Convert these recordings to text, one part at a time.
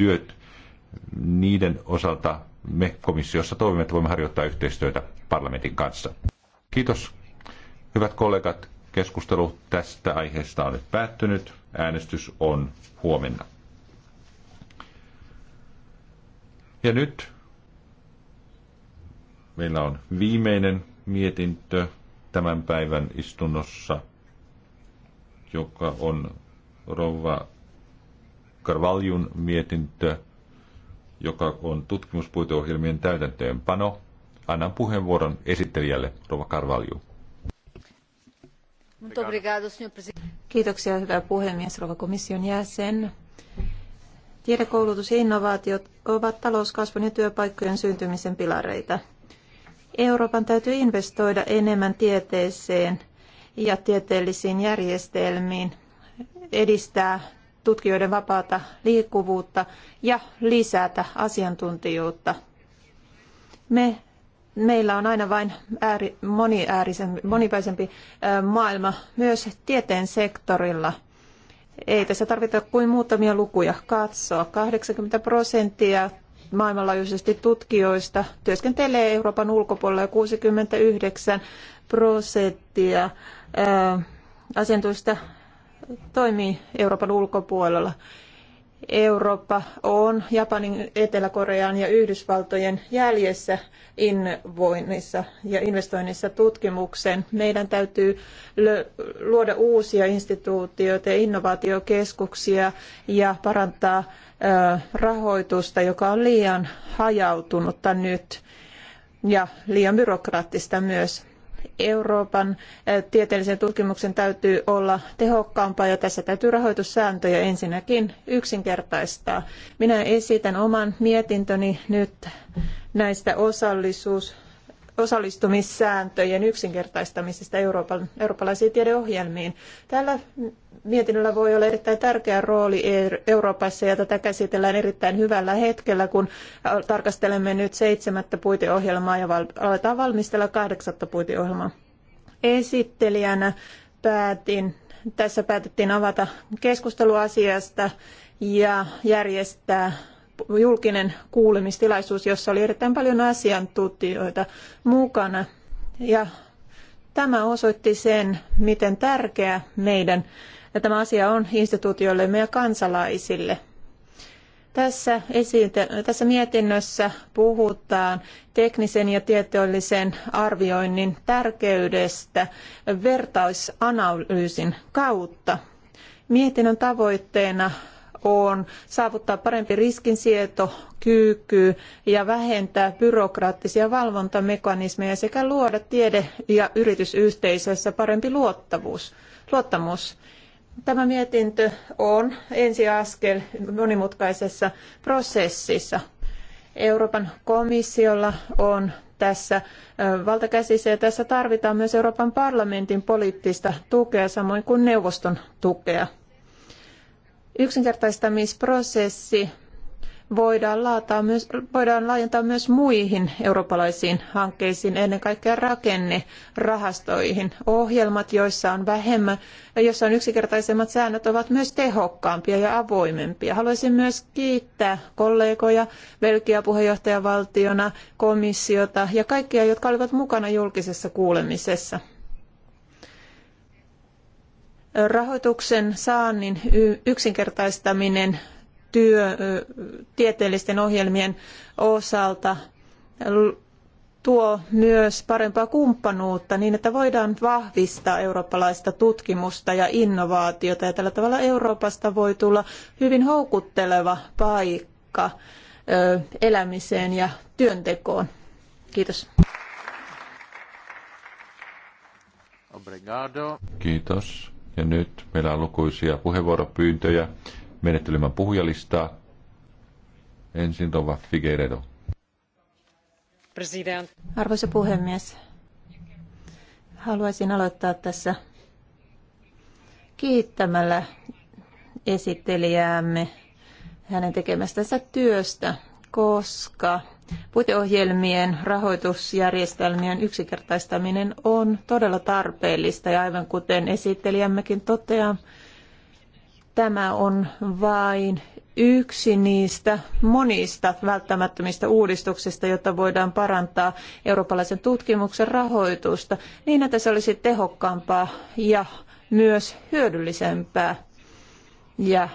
työt, niiden osalta me komissiossa toivomme, että voimme harjoittaa yhteistyötä parlamentin kanssa. Kiitos. Hyvät kollegat, keskustelu tästä aiheesta on nyt päättynyt. Äänestys on huomenna. Ja nyt meillä on viimeinen mietintö tämän päivän istunnossa, joka on rouva Karvaljun mietintö, joka on tutkimuspuiteohjelmien täytäntöönpano. Annan puheenvuoron esittelijälle, Rova Karvalju. Kiitoksia, hyvä puhemies, rouva komission jäsen. Tiedekoulutus ja innovaatiot ovat talouskasvun ja työpaikkojen syntymisen pilareita. Euroopan täytyy investoida enemmän tieteeseen ja tieteellisiin järjestelmiin, edistää tutkijoiden vapaata liikkuvuutta ja lisätä asiantuntijuutta. Me, meillä on aina vain ääri, monipäisempi maailma myös tieteen sektorilla. Ei tässä tarvita kuin muutamia lukuja katsoa. 80 prosenttia maailmanlaajuisesti tutkijoista työskentelee Euroopan ulkopuolella ja 69 prosenttia asiantuntijoista toimii Euroopan ulkopuolella. Eurooppa on Japanin, Etelä-Korean ja Yhdysvaltojen jäljessä innovoinnissa ja investoinnissa tutkimukseen. Meidän täytyy luoda uusia instituutioita ja innovaatiokeskuksia ja parantaa rahoitusta, joka on liian hajautunutta nyt ja liian byrokraattista myös. Euroopan tieteellisen tutkimuksen täytyy olla tehokkaampaa ja tässä täytyy rahoitussääntöjä ensinnäkin yksinkertaistaa. Minä esitän oman mietintöni nyt näistä osallisuus osallistumissääntöjen yksinkertaistamisesta Euroopan, eurooppalaisiin tiedeohjelmiin. Tällä mietinnöllä voi olla erittäin tärkeä rooli er, Euroopassa ja tätä käsitellään erittäin hyvällä hetkellä, kun tarkastelemme nyt seitsemättä puiteohjelmaa ja val- aletaan valmistella kahdeksatta puiteohjelmaa. Esittelijänä päätin, tässä päätettiin avata keskustelu asiasta ja järjestää julkinen kuulemistilaisuus, jossa oli erittäin paljon asiantuntijoita mukana. Ja tämä osoitti sen, miten tärkeä meidän ja tämä asia on instituutioillemme ja kansalaisille. Tässä, esite, tässä mietinnössä puhutaan teknisen ja tieteellisen arvioinnin tärkeydestä vertaisanalyysin kautta. Mietinnön tavoitteena on saavuttaa parempi riskinsietokyky ja vähentää byrokraattisia valvontamekanismeja sekä luoda tiede- ja yritysyhteisössä parempi luottavuus, luottamus. Tämä mietintö on ensiaskel monimutkaisessa prosessissa. Euroopan komissiolla on tässä valtakäsissä ja tässä tarvitaan myös Euroopan parlamentin poliittista tukea samoin kuin neuvoston tukea yksinkertaistamisprosessi voidaan, voidaan laajentaa myös muihin eurooppalaisiin hankkeisiin, ennen kaikkea rakennerahastoihin. Ohjelmat, joissa on vähemmän ja joissa on yksinkertaisemmat säännöt, ovat myös tehokkaampia ja avoimempia. Haluaisin myös kiittää kollegoja, Belgia puheenjohtajavaltiona, komissiota ja kaikkia, jotka olivat mukana julkisessa kuulemisessa. Rahoituksen saannin yksinkertaistaminen työ, tieteellisten ohjelmien osalta tuo myös parempaa kumppanuutta niin, että voidaan vahvistaa eurooppalaista tutkimusta ja innovaatiota ja tällä tavalla Euroopasta voi tulla hyvin houkutteleva paikka elämiseen ja työntekoon. Kiitos. Obrigado. Kiitos. Ja nyt meillä on lukuisia puheenvuoropyyntöjä menettelemään puhujalistaa. Ensin Rova Figueiredo. Arvoisa puhemies, haluaisin aloittaa tässä kiittämällä esittelijäämme hänen tekemästänsä työstä, koska Puiteohjelmien rahoitusjärjestelmien yksinkertaistaminen on todella tarpeellista ja aivan kuten esittelijämmekin toteaa, tämä on vain yksi niistä monista välttämättömistä uudistuksista, jotta voidaan parantaa eurooppalaisen tutkimuksen rahoitusta niin, että se olisi tehokkaampaa ja myös hyödyllisempää ja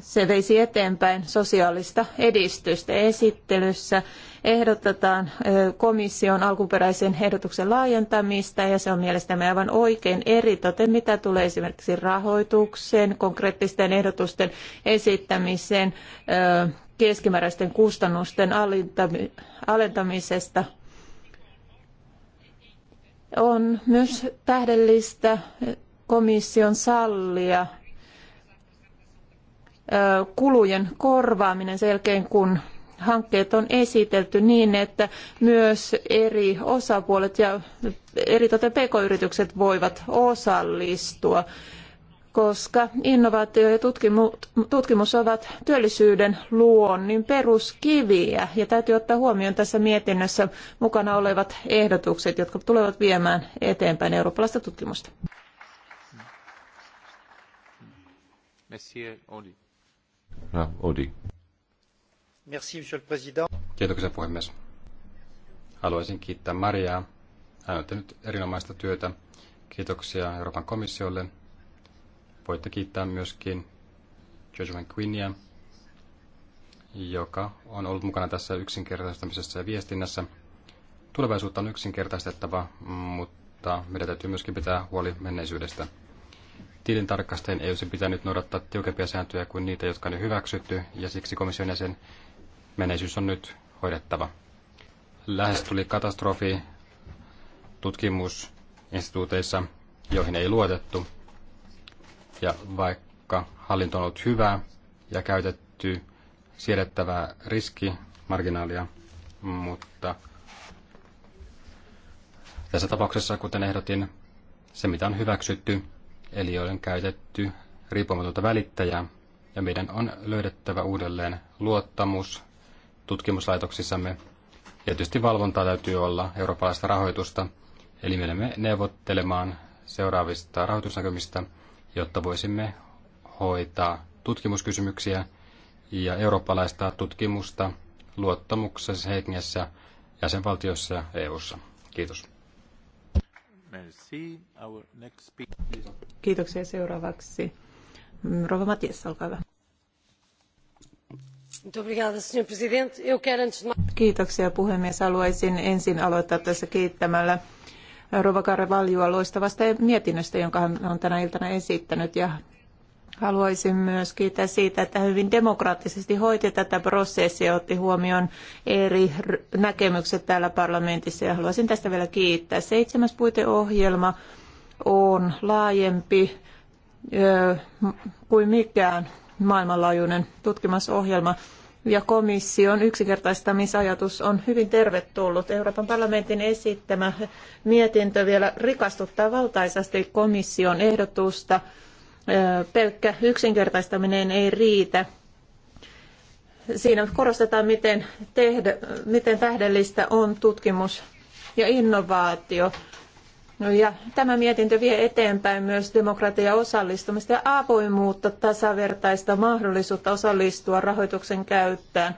se veisi eteenpäin sosiaalista edistystä. Esittelyssä ehdotetaan komission alkuperäisen ehdotuksen laajentamista ja se on mielestäni aivan oikein eritoten, mitä tulee esimerkiksi rahoitukseen, konkreettisten ehdotusten esittämiseen, keskimääräisten kustannusten alentamisesta. On myös tähdellistä komission sallia kulujen korvaaminen sen jälkeen, kun hankkeet on esitelty niin, että myös eri osapuolet ja eri tuota pk-yritykset voivat osallistua, koska innovaatio ja tutkimus ovat työllisyyden luonnin peruskiviä. Ja täytyy ottaa huomioon tässä mietinnössä mukana olevat ehdotukset, jotka tulevat viemään eteenpäin eurooppalaista tutkimusta. Oli monsieur le président. Kiitoksia puhemies. Haluaisin kiittää Mariaa. Hän on tehnyt erinomaista työtä. Kiitoksia Euroopan komissiolle. Voitte kiittää myöskin George McQueenia, joka on ollut mukana tässä yksinkertaistamisessa ja viestinnässä. Tulevaisuutta on yksinkertaistettava, mutta meidän täytyy myöskin pitää huoli menneisyydestä tilintarkastajien ei olisi pitänyt noudattaa tiukempia sääntöjä kuin niitä, jotka on jo hyväksytty, ja siksi komission jäsen menneisyys on nyt hoidettava. Lähes tuli katastrofi tutkimusinstituuteissa, joihin ei luotettu, ja vaikka hallinto on ollut hyvää ja käytetty siedettävää riskimarginaalia, mutta tässä tapauksessa, kuten ehdotin, se mitä on hyväksytty eli on käytetty riippumatonta välittäjää, ja meidän on löydettävä uudelleen luottamus tutkimuslaitoksissamme. Ja tietysti valvontaa täytyy olla eurooppalaista rahoitusta, eli menemme neuvottelemaan seuraavista rahoitusnäkymistä, jotta voisimme hoitaa tutkimuskysymyksiä ja eurooppalaista tutkimusta luottamuksessa hengessä jäsenvaltiossa ja EU:ssa. Kiitos. Merci. Our next speaker. Kiitoksia seuraavaksi. Mm, Rova Matias, olkaa hyvä. Kiitoksia puhemies. Haluaisin ensin aloittaa tässä kiittämällä Rova Karvaljua loistavasta mietinnöstä, jonka hän on tänä iltana esittänyt. Ja haluaisin myös kiittää siitä, että hyvin demokraattisesti hoiti tätä prosessia ja otti huomioon eri näkemykset täällä parlamentissa. Ja haluaisin tästä vielä kiittää. Seitsemäs puiteohjelma on laajempi kuin mikään maailmanlaajuinen tutkimusohjelma. Ja komission yksinkertaistamisajatus on hyvin tervetullut. Euroopan parlamentin esittämä mietintö vielä rikastuttaa valtaisasti komission ehdotusta. Pelkkä yksinkertaistaminen ei riitä. Siinä korostetaan, miten, tehdä, miten tähdellistä on tutkimus ja innovaatio. No ja tämä mietintö vie eteenpäin myös demokratia osallistumista ja avoimuutta, tasavertaista mahdollisuutta osallistua rahoituksen käyttöön.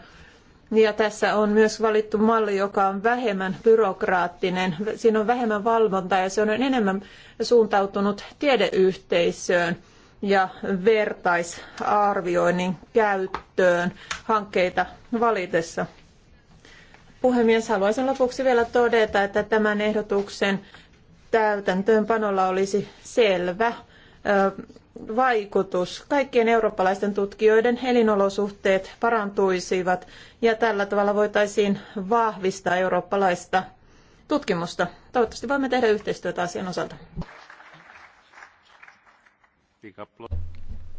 Ja tässä on myös valittu malli, joka on vähemmän byrokraattinen. Siinä on vähemmän valvontaa ja se on enemmän suuntautunut tiedeyhteisöön ja vertaisarvioinnin käyttöön hankkeita valitessa. Puhemies, haluaisin lopuksi vielä todeta, että tämän ehdotuksen täytäntöönpanolla olisi selvä vaikutus. Kaikkien eurooppalaisten tutkijoiden elinolosuhteet parantuisivat ja tällä tavalla voitaisiin vahvistaa eurooppalaista tutkimusta. Toivottavasti voimme tehdä yhteistyötä asian osalta.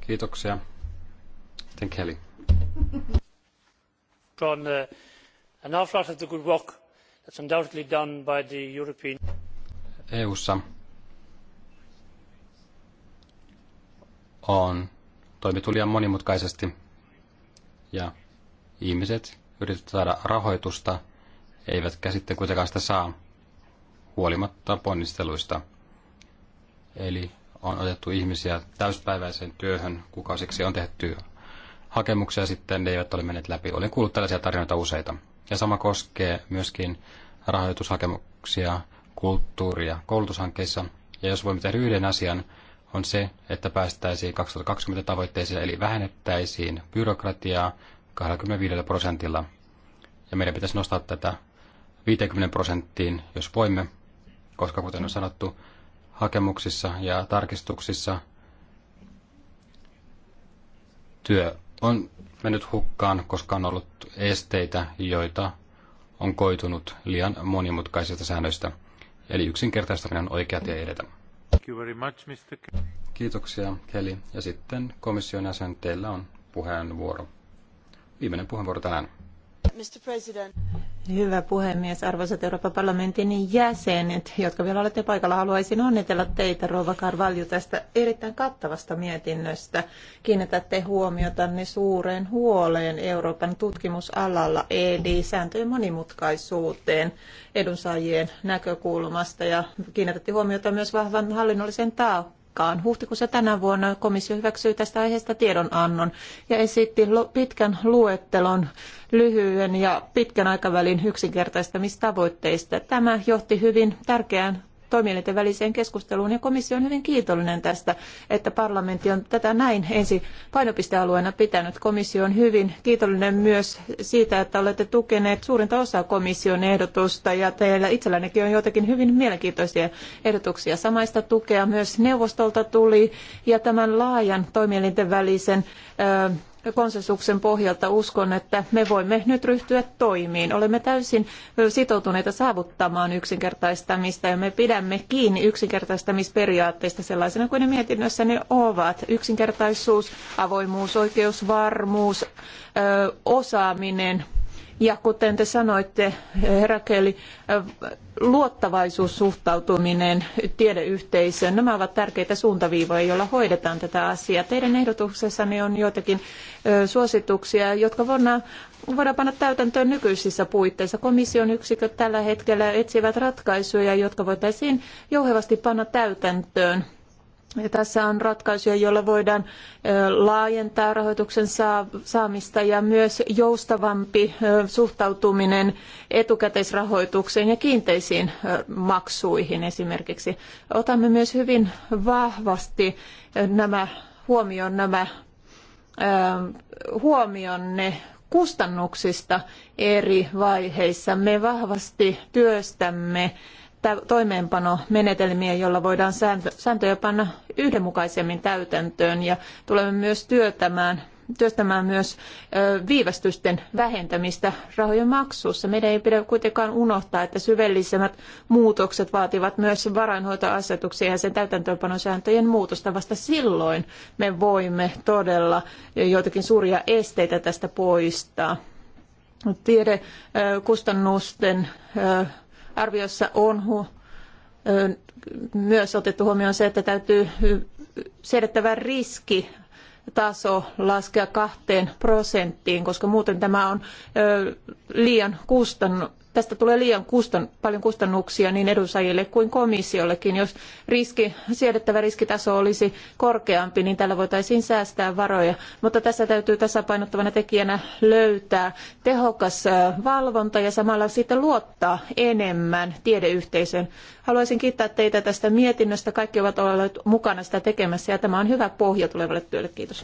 Kiitoksia. Sitten Kelly. John, an awful lot of the good work that's undoubtedly done by the European EU:ssa on toimittu liian monimutkaisesti ja ihmiset yrittävät saada rahoitusta, eivät käsitte kuitenkaan sitä saa huolimatta ponnisteluista. Eli on otettu ihmisiä täyspäiväiseen työhön kukausiksi on tehty hakemuksia sitten, ne eivät ole menneet läpi. Olen kuullut tällaisia tarinoita useita. Ja sama koskee myöskin rahoitushakemuksia kulttuuria koulutushankkeissa. Ja jos voimme tehdä yhden asian, on se, että päästäisiin 2020 tavoitteisiin, eli vähennettäisiin byrokratiaa 25 prosentilla. Ja meidän pitäisi nostaa tätä 50 prosenttiin, jos voimme, koska kuten on sanottu, hakemuksissa ja tarkistuksissa työ on mennyt hukkaan, koska on ollut esteitä, joita on koitunut liian monimutkaisista säännöistä. Eli yksinkertaistaminen on oikea tie edetä. Kiitoksia, Kelly. Ja sitten komission jäsen, teillä on puheenvuoro. Viimeinen puheenvuoro tänään. Hyvä puhemies, arvoisat Euroopan parlamentin jäsenet, jotka vielä olette paikalla, haluaisin onnitella teitä, Rouva Carvalho, tästä erittäin kattavasta mietinnöstä. Kiinnitätte huomiota ne suureen huoleen Euroopan tutkimusalalla, eli sääntöjen monimutkaisuuteen edunsaajien näkökulmasta, ja kiinnitätte huomiota myös vahvan hallinnollisen taakkaan aikaan. Huhtikuussa tänä vuonna komissio hyväksyi tästä aiheesta tiedonannon ja esitti pitkän luettelon lyhyen ja pitkän aikavälin yksinkertaistamistavoitteista. Tämä johti hyvin tärkeään toimielinten väliseen keskusteluun ja komissio on hyvin kiitollinen tästä, että parlamentti on tätä näin ensi painopistealueena pitänyt. Komissio on hyvin kiitollinen myös siitä, että olette tukeneet suurinta osaa komission ehdotusta ja teillä itsellännekin on joitakin hyvin mielenkiintoisia ehdotuksia. Samaista tukea myös neuvostolta tuli ja tämän laajan toimielinten välisen ö, konsensuksen pohjalta uskon, että me voimme nyt ryhtyä toimiin. Olemme täysin sitoutuneita saavuttamaan yksinkertaistamista ja me pidämme kiinni yksinkertaistamisperiaatteista sellaisena kuin ne mietinnössä ne ovat. Yksinkertaisuus, avoimuus, oikeusvarmuus, osaaminen ja kuten te sanoitte, herra Kelly, Luottavaisuus suhtautuminen tiedeyhteisöön, nämä ovat tärkeitä suuntaviivoja, joilla hoidetaan tätä asiaa. Teidän ehdotuksessanne on joitakin suosituksia, jotka voidaan, voidaan panna täytäntöön nykyisissä puitteissa. Komission yksiköt tällä hetkellä etsivät ratkaisuja, jotka voitaisiin jouhevasti panna täytäntöön ja tässä on ratkaisuja, joilla voidaan laajentaa rahoituksen saamista ja myös joustavampi suhtautuminen etukäteisrahoitukseen ja kiinteisiin maksuihin esimerkiksi. Otamme myös hyvin vahvasti nämä huomioon nämä huomionne kustannuksista eri vaiheissa. Me vahvasti työstämme toimeenpanomenetelmiä, joilla voidaan sääntöjä panna yhdenmukaisemmin täytäntöön ja tulemme myös työtämään työstämään myös viivästysten vähentämistä rahojen maksussa. Meidän ei pidä kuitenkaan unohtaa, että syvällisemmät muutokset vaativat myös varainhoitoasetuksia ja sen täytäntöönpanosääntöjen muutosta. Vasta silloin me voimme todella joitakin suuria esteitä tästä poistaa. Tiedekustannusten arviossa on myös otettu huomioon se, että täytyy siedettävä riski taso laskea kahteen prosenttiin, koska muuten tämä on liian tästä tulee liian kustan, paljon kustannuksia niin edunsaajille kuin komissiollekin. Jos riski, siedettävä riskitaso olisi korkeampi, niin tällä voitaisiin säästää varoja. Mutta tässä täytyy tasapainottavana tekijänä löytää tehokas valvonta ja samalla siitä luottaa enemmän tiedeyhteisöön. Haluaisin kiittää teitä tästä mietinnöstä. Kaikki ovat olleet mukana sitä tekemässä ja tämä on hyvä pohja tulevalle työlle. Kiitos.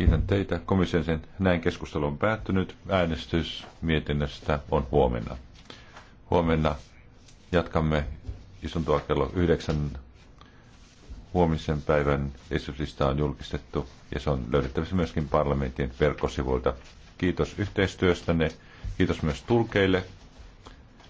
Kiitän teitä. Komission sen näin keskustelu on päättynyt. Äänestys mietinnöstä on huomenna. Huomenna jatkamme istuntoa kello yhdeksän. Huomisen päivän esityslista on julkistettu ja se on löydettävissä myöskin parlamentin verkkosivuilta. Kiitos yhteistyöstänne. Kiitos myös tulkeille.